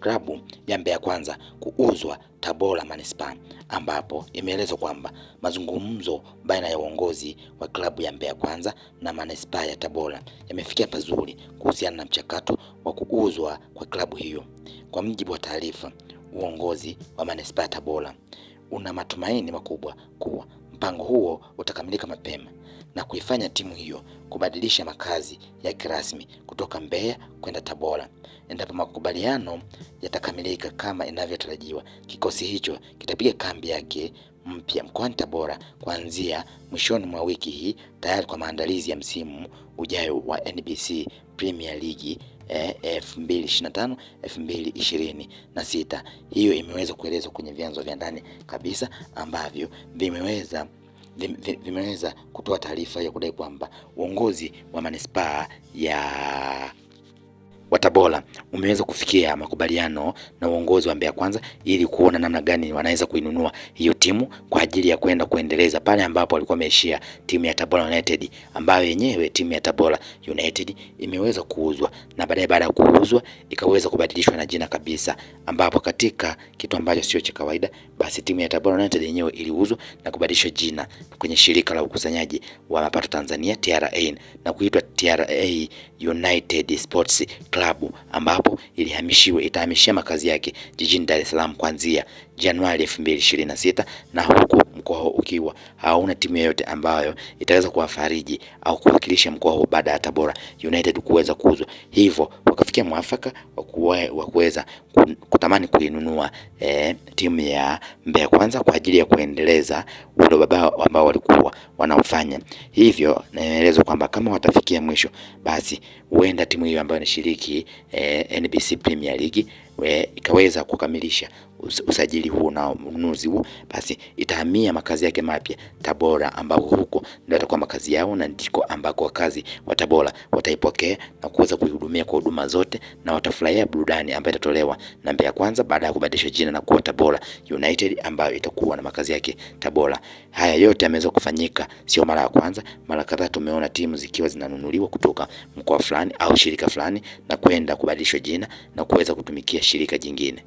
klabu ya Mbeya Kwanza kuuzwa Tabora Manispaa, ambapo imeelezwa kwamba mazungumzo baina ya uongozi wa klabu ya Mbeya Kwanza na Manispaa ya Tabora yamefikia pazuri kuhusiana na mchakato wa kuuzwa kwa klabu hiyo. Kwa mujibu wa taarifa, uongozi wa Manispaa ya Tabora una matumaini makubwa kuwa Mpango huo utakamilika mapema na kuifanya timu hiyo kubadilisha makazi ya kirasmi kutoka Mbeya kwenda Tabora. Endapo makubaliano yatakamilika kama inavyotarajiwa, kikosi hicho kitapiga kambi yake mpya mkoani Tabora kuanzia mwishoni mwa wiki hii, tayari kwa maandalizi ya msimu ujayo wa NBC Premier League eh, mbili ishirini na sita. Hiyo imeweza kuelezwa kwenye vyanzo vya ndani kabisa ambavyo vimeweza vimeweza kutoa taarifa ya kudai kwamba uongozi wa manispaa ya wa Tabora umeweza kufikia makubaliano na uongozi wa Mbeya Kwanza ili kuona namna gani wanaweza kuinunua hiyo timu kwa ajili ya kwenda kuendeleza pale ambapo walikuwa wameishia timu ya Tabora United, ambayo yenyewe timu ya Tabora United imeweza kuuzwa na baadaye, baada ya kuuzwa, ikaweza kubadilishwa na jina kabisa, ambapo katika kitu ambacho sio cha kawaida, basi timu ya Tabora United yenyewe iliuzwa na kubadilishwa jina kwenye shirika la ukusanyaji wa mapato Tanzania TRA na kuitwa TRA United Sports Club, ambapo ilihamishiwa itahamishia makazi yake jijini Dar es Salaam kuanzia Januari 2026 na huku mkoa ukiwa hauna timu yoyote ambayo itaweza kuwafariji au kuwakilisha mkoa huu baada ya Tabora United kuweza kuuzwa hivyo wakafikia mwafaka wa kuweza kutamani kuinunua e, timu ya Mbeya Kwanza kwa ajili ya kuendeleza ule baba ambao walikuwa wanaofanya. Hivyo naelezwa kwamba kama watafikia mwisho, basi huenda timu hiyo ambayo inashiriki e, eh, NBC Premier League ikaweza kukamilisha usajili huu na ununuzi huu, basi itahamia makazi yake mapya Tabora, ambako huko ndio atakuwa makazi yao na ndiko ambako wakazi wa Tabora wataipokea na kuweza kuihudumia kwa huduma zote na watafurahia burudani ambayo itatolewa na Mbeya Kwanza baada ya kubadilisha jina na kuwa Tabora United ambayo itakuwa na makazi yake Tabora. Haya yote yameweza kufanyika, sio mara ya kwanza. Mara kadhaa tumeona timu zikiwa zinanunuliwa kutoka mkoa fulani au shirika fulani na kwenda kubadilishwa jina na kuweza kutumikia shirika jingine.